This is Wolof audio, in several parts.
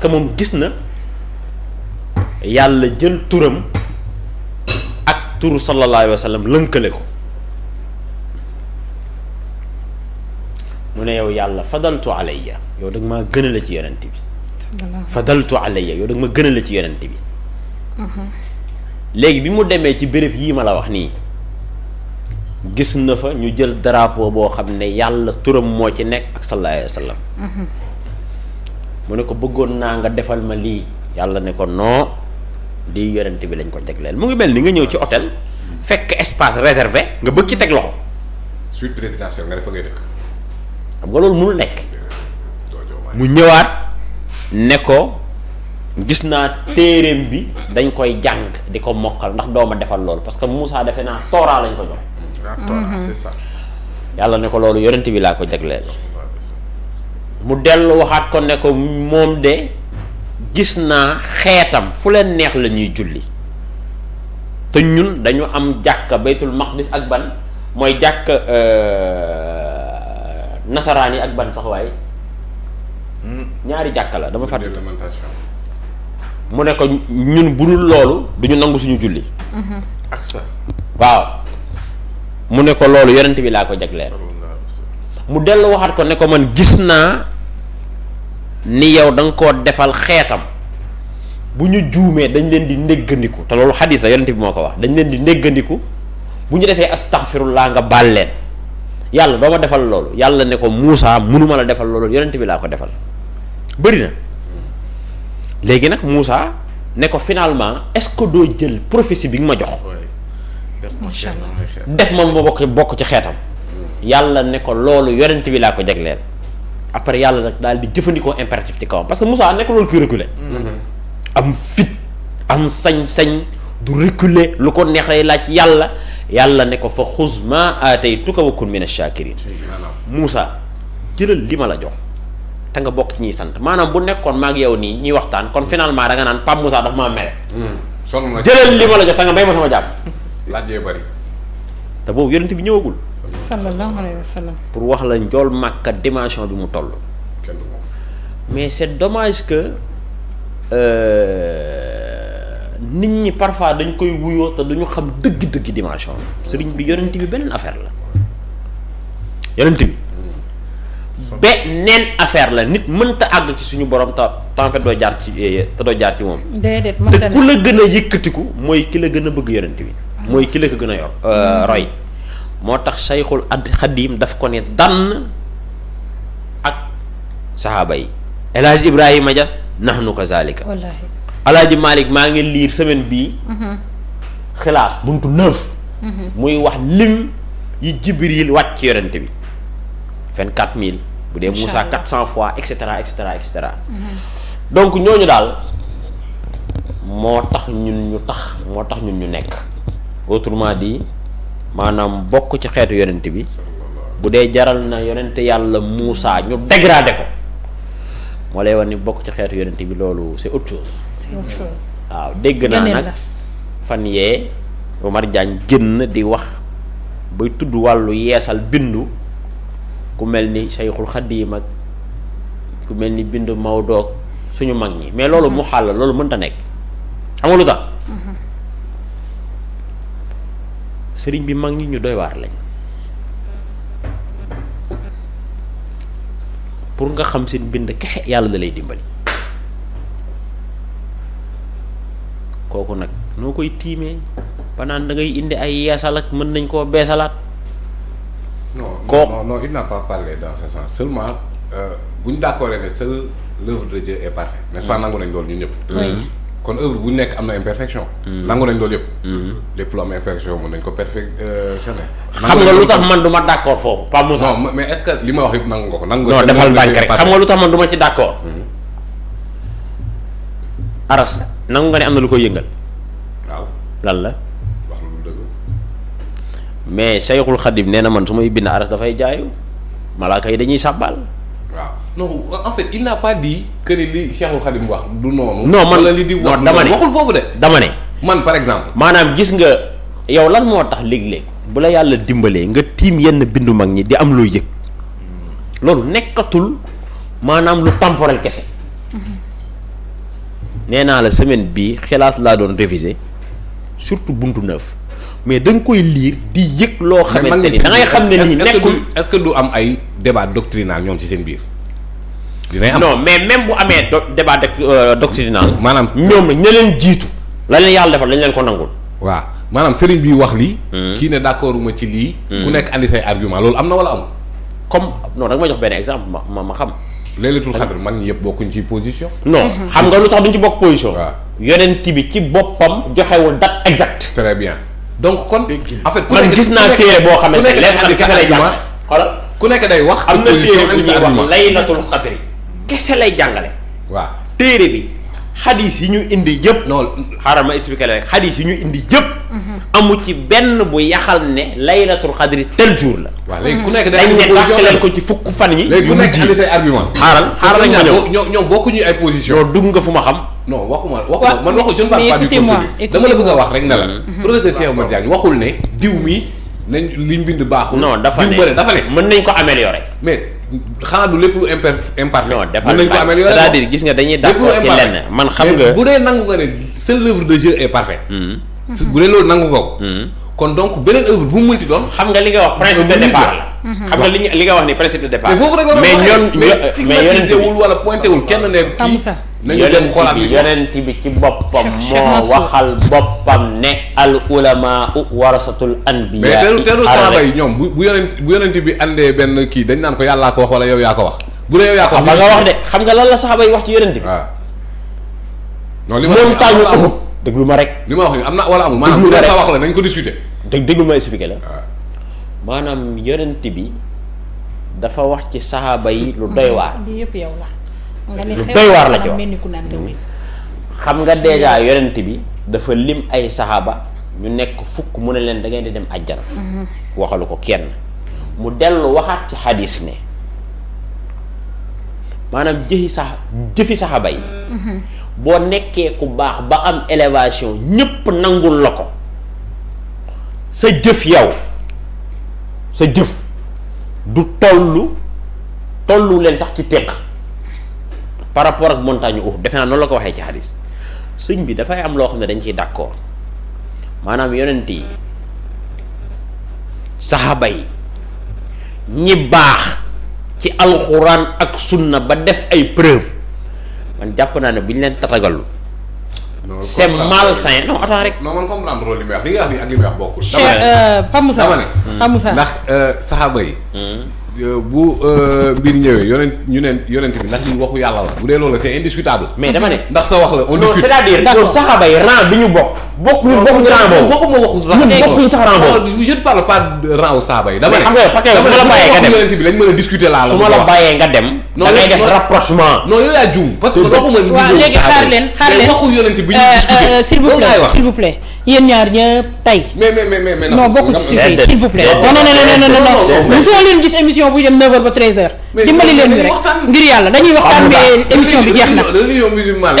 que moom gis na yàlla jël turam ak turu sallallahu alayhi lënkale ko mu ne yow yàlla fadaltu alayya yow dag maa gënale ci yonent bi fadaltu alayya yow dag ma gënale ci yonent bi mhm. léegi bi mu demee ci béréb yii ma la wax nii gis na fa ñu jël drapeau boo xam ne yàlla turam moo ci nekk ak sallallahu alayhi mu ne ko bëggoon naa nga defal ma lii yàlla ne ko non lii yonent bi lañ ko jagleel mu ngi mel ni nga ñëw ci hôtel fekk espace réservé nga bëgg ci teg loxo. suite présidentielle def fa xam nga loolu mënul nekk. mu ñëwaat ne ko gis naa téereem bi dañ koy jàng di ko mokkal ndax dooma defal loolu parce que Moussa defe naa tooraa lañ ko jox. Ah, yàlla ne ko loolu yonent bi laa ko jagleel. mu dellu waxaat ko ne ko moom de gis naa xeetam fu leen neex la ñuy julli te ñun dañu am jàkka baytul maqdis ak ban mooy jàkka euh, nasaraan yi ak ban sax waaye hmm. ñaari jàkka la dama fàttali mu ne ko ñun bu dul loolu duñu nangu suñu julli mhm. ak waaw mu ne ko loolu yonent bi laa ko jagleel mu dellu waxaat ko ne ko man gis naa ni yow da nga koo defal xeetam bu ñu juumee dañ leen di néggandiku te loolu xadis la yonent bi moo ko wax dañ leen di néggandiku bu ñu defee astaxfirullah nga baal leen yàlla doo ma defal loolu yàlla ne ko Moussa mënuma la defal loolu yonent bi laa ko defal bëri na léegi nag Moussa ne ko finalement est-ce que doo jël prophétie bi nga ma jox. macha allah def ma ma bokk bokk ci xeetam. yàlla ne ko loolu yonent bi laa ko jagleel après yàlla nag daal di jëfandikoo impératif ci kawam parce que Moussa nekk loolu kuy reculer mm-hmm. am fit am sañ-sañ du reculer lu ko neex lay laaj yàlla yàlla ne ko fa xuz ma aataytuka wa kun mina shakirin musaa jëlal li ma la jox te nga bokk ci ñuy sant maanaam bu nekkoon maa ngi yow nii ñuy waxtaan kon finalement da nga naan Pape Moussa dafa maa mere mm. jëlal li ma la jox te nga may ma sama jàmm te boobu yonent bi ñëwagul sallallahu alayhi pour wax la njool màkka dimension bi mu toll mais c'est domage que euh, nit ñi parfois dañ koy wuyoo te ñu xam dëgg-dëgg dimension sëriñ bi yonent bi beneen affaire la yonent bi affaire la nit mënta àgg ci suñu borom te en fait doo jaar ci te doo jaar ci moom déedéet te ku la gën a yëkkatiku mooy ki la gën a bëgg yonent bi ah. mooy ki la ko gën a yor euh, mm-hmm. roy moo tax sayxul ad xadim daf ko ne dann ak saxaaba yi El Hadj Ibrahima Dias nahnu kazalika wallaahi El Hadj Malick maa ngi liir semaine bii mhm. xilaas buntu neuf mhm. muy wax lim yi jibril wàcc ci yonente bi vingt quatre mille bu dee Moussa quatre cent fois et cetera et cetera mhm. donc ñooñu daal moo tax ñun ñu tax moo tax ñun ñu nekk autrement dit maanaam bokk ci xeetu yonent bi bu dee jaral na yonent yàlla Muusaa ñu dégradé ko moo lay wax ni bokk ci xeetu yonent bi loolu c'est autre waaw dégg naa nag fan yee Omar Diagne génn di wax bay tudd wàllu yeesal bindu ku mel ni Seyxul Xadiim mag ku mel ni bindu Maodo suñu mag ñi mais loolu mm-hmm. mu xàll loolu mënta nekk amul lu sëriñ bi mag ñi ñu doy waar lañ pour nga xam seen bind kese yàlla da lay dimbali kooku nag noo koy tiimee ba naan da ngay indi ay yeesal ak mën nañ koo beesalaat. non non non il n'a pas parlé dans ce sens seulement euh, bu ñu d'accord ne seul l'œuvre de Dieu est parfaite. n'est-ce pas mm. nangu nañ loolu ñun ñëpp. Mm. kon œuvre bu nekk am na imperfection. Mm-hmm. nangu nañ loolu yëpp. lépp mm-hmm. lu am imperfection mën nañ ko perfectionné. Euh, xam nga lu tax man du ma d' accord foofu Pape Moussa. non mais est ce que li ma wax yëpp nangu nga ko nangu. nga lu tax man du ma ci mm-hmm. ne am na lu koy yëngal. waaw lan wax lu dëgg. mais Sayxul Xadim nee na man su may bind Aras dafay jaayu malaaka yi dañuy sàbbaal. waaw. non en fait il n'a pas dit que ni li du noonu. non man la li di dama ne waxul foofu de. dama ne man par exemple. maanaam gis nga yow lan moo tax léeg-léeg bu la yàlla dimbalee nga tiim yenn bindu mag ñi di am loo yëg loolu nekkatul maanaam lu temporel kese. nee naa la semaine bii xelaas laa doon réviser surtout buntu neuf mais da koy liir di yëg loo xamante ni da ngay xam ne lii nekkul est-ce du am ay débat doctrinal ñoom ci seen biir. dinañ am non mais même bu amee débat euh, doctrinal. maanaam ñoom ña leen jiitu. la leen yàlla defal lañ leen ko nangul. waa maanaam sëriñ bi wax lii. Hmm. kii ne d'accord uma ci lii. Hmm. ku nekk andi say argument loolu am na wala amul. comme non da nga may jox benn exemple ma ma ma xam. laylatul xadr man ñi yëpp bokkuñ ci position. non hmm. xam nga lu tax duñ ci bokk position. waaw yonent bi ci boppam joxewul date exacte. très bien donc kon. en fait ku gis naa téere boo xamante ne léegi xam kese lay jàpp ku nekk day wax. am na téere bu ñuy wax laylatul xadri kese lay jàngale. waaw téere bi xadis yi ñu indi yëpp. non xaaral ma expliqué la rek xadis yi ñu indi yëpp. Mhm. amu ci benn bu yaxal ne laylatul xadri tel jour la. waaw léegi ku nekk mhm. dañ ne dàqaleel ko ci fukk fan yi. léegi ku nekk indi say argument. xaaral xaaral ma ñëw ay position. non dugg nga fu ma xam. no waxuma waxuma man waxu je ne parle pas du contenu dama la bëgg a wax rek ne la. Mhm. professeur Cheikh Oumar Diagne waxul ne diw mi nañ bind baaxul. non dafa ne diw mën nañ ko améliorer mais xanaa du lépp lu imper imparfait. non defal nañ ko améliorer à dire gis nga dañuy d'accord ci lenn man xam bu dee nangu nga ne seen œuvre de jeu est parfait hmm. bu dee loolu nangu ko hmm. kon donc beneen œuvre bu mu mënti doon. xam nga li nga wax principe de départ la. Mhm. xam nga li nga li nga wax ni principe de départ. mais ñoom mais yonent wul wala pointé wul kenn ne. am sax nañu dem xoolaat bi yonent bi ci boppam. moo waxal boppam ne al ulamaa warasatul anbiya. mais teru teru saaba yi ñoom bu bu yonent bu yonent bi andee benn kii dañ naan ko yàllaa ko wax wala yow yaa ko wax. bu dee yow yaa ko wax nga wax de xam nga lan la saaba yi wax ci yonent bi. waaw ah. non li ma déglu ma rek. li ma wax nii am na wala amul maanaam bu dee sa wax la nañ ko discuter dégg déggul ma expliqué la. Ah. maanaam yonent bi dafa wax ci saxaaba yi lu doy waar. yëpp yow la. lu doy waar la ci wax xam nga déjà yonent bi dafa lim ay saxaaba ñu nekk fukk mu ne leen da di dem àjjana. Mhm. waxalu ko kenn mu dellu waxaat ci xadis ne maanaam jëfi sax jëfi saxaaba yi. Mhm. boo nekkee ku baax ba am élévation ñépp nangul la ko. sa jëf yow sa jëf du tollu tollu leen sax ci ténq par rapport ak montagne Uhud defe naa noonu la ko waxee ci xadis sëñ bi dafay am loo xam ne dañ ciy d'accord maanaam yonent yi saxaaba yi ñi baax ci alxuraan ak sunna ba def ay preuve man jàpp naa ne bu ñu leen tatagalul c'est malsain non attends rek. non man comprendre loolu li may wax li nga wax nii ak li may wax bokkul. Euh, Pape Moussa dama ne mm. Pape Moussa ndax euh, saxaaba yi. Mm. Euh, bu mbir ñëwee yonent ñu ne yonent bi ndax waxu yàlla la. bu dee loolu la c'est indiscutable. mais dama ne. ndax sa wax la on discute. non cest saxaaba yi rang bi ñu bokk. bokkuñu bokkuñu rang boobu waxuma waxu rang boobu bokkuñu sax rang boobu je ne parle pas rang wu saaba yi dama ne xam nga parce que su ma la bàyyee nga dem bi lañ mën a discuter laa la su ma la bàyyee nga dem da ngay def rapprochement non yow yaa juum parce que waxuma waaw léegi xaar leen xaar leen waxu yonent bi ñuy euh, discuter euh, s'il vous plaît s'il vous plaît yéen ñaar ñëpp tey mais mais mais mais non bokku ci sujet s'il vous plaît non non non non non non mosoo leen gis émission buy dem 9h ba 13h dimbali leen ñu rek ngir yàlla dañuy waxtaan mais émission bi jeex na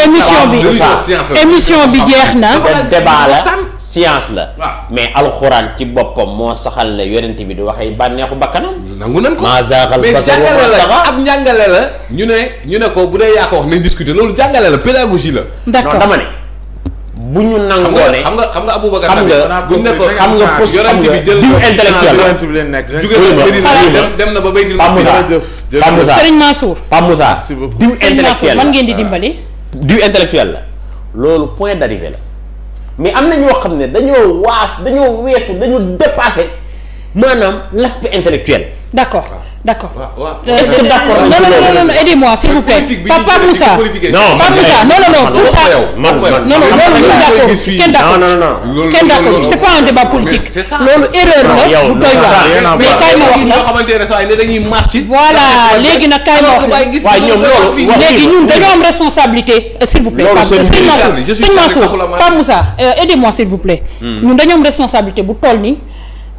émission bi émission bi jeex na débat la science la. mais alxuraan ci boppam moo saxal la yonent bi di waxee bànneexu bakkanam. nangu nañ ko maa zaaxal jàngale la ñu ne ñu ne ko bu dee yaa ko loolu jàngale la pédagogie la. d'accord dama bu ñu nangoo ne xam xam nga Aboubacar xam nga bu ñu ne ko xam nga post yonent bi diw intellectuel ba béy Pa Moussa Pa Moussa Serigne Mansour Pa Moussa diw intellectuel man ngeen di dimbali diw intellectuel la loolu point d'arrivée la mais am na ñoo xam ne dañoo waas dañoo weesu dañoo dépassé maanaam l'aspect intellectuel d'accord d'accord accord ouais, ouais. est-ce que d'accord non non non aidez-moi s'il vous plaît Papa Moussa non Papa Moussa non non non Moussa non non loolu d'accord kenn d'accord kenn d'accord c'est pas un débat politique loolu erreur la bu doy waar mais kaay ma wax la xamante ne saa yi dañuy marché voilà léegi nag kaay ma wax la léegi ñun dañoo am responsabilité s'il vous plaît sëñ Mansour sëñ Mansour Papa Moussa aidez-moi s'il vous plaît ñun dañoo am responsabilité bu toll nii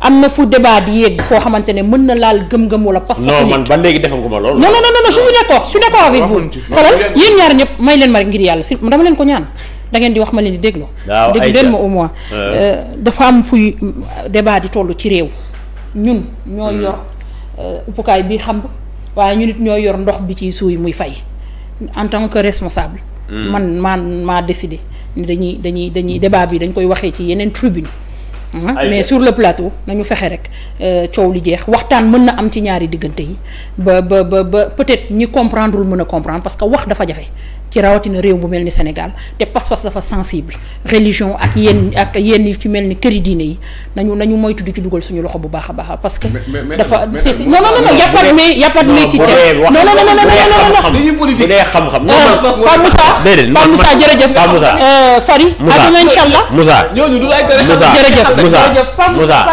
am na fu débat di yéeg foo xamante ne mën na laal gëm-gëm wala pas non man ba léegi defam ko ma loolu non non non non je suis d'accord je suis d'accord avec vous xoolal yéen ñaar ñëpp may leen ma rek ngir yàlla si dama leen ko ñaan da ngeen di wax ma leen di déglu déglu leen ma au moins euh. Euh, dafa am fuy mm, débat di toll ci réew ñun ñoo hmm. yor uppukaay euh, bi xam waaye ñu nit ñoo yor ndox bi ci suuy muy fay en tant que responsable hmm. man maa maa décidé ni dañuy dañuy dañuy débat bi dañ koy waxee ci yeneen tribune mais sur le plateau nañu fexe rek euh, coow li jeex waxtaan mën na am ci ñaari diggante yi ba ba ba ba peut-être ñi comprendrewul mën a comprendre parce que wax dafa jafe ci rawatina réew bu mel ni Sénégal te pas-pas dafa sensible religion ak yenn ak yenn yu ci mel ni këri diine yi nañu nañu moytu di ci dugal suñu loxo bu baax a baax parce que. dafa c'est non non non y a pas de mais y a pas de mais qui tient non non non non non non bu dee xam-xam euh, Pa Moussa Pa Moussa jërëjëf Pa Moussa euh, Fari adama incha allah Moussa ñooñu du lay tere jërëjëf Moussa Moussa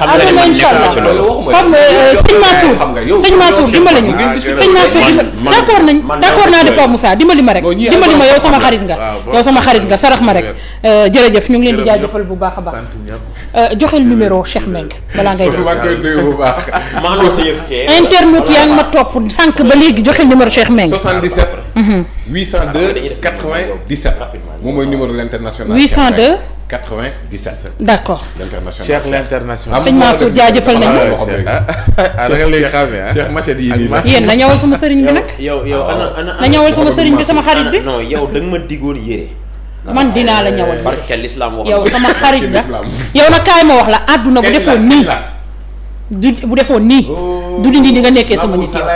adama incha allah Pam euh, sëñ Mansour sëñ Mansour dimbale ñu sëñ Mansour dimbale d'accord nañ d'accord naa de Pa Moussa Moussa dimbali ma rek dimbali ma yow sama xarit nga yow sama xarit nga sarax ma rek euh, jërëjëf ñu ngi leen di jaajëfal bu baax a baax euh, joxel numéro Cheikh Mbengue balaa ngay dem bu baax internet yaa ngi ma topp sànq ba léegi joxel numéro Cheikh Mbengue 77 802 97 moom mooy numéro l'international 802 97. d' accord Cheikh l' international. sëñ Mansour jaajëfal nañu. ah yéen na ñëwal sama sëriñ bi nag. yow yow ana ana na ñëwal sama sëriñ bi sama xarit bi. da nga ma diggoon yére. man dinaa la ñëwal. barke l'islam wax yow sama xarit la yow nag kaay ma wax la àdduna bu defoon nii. du bu defoon nii. nekkee sama nit yow.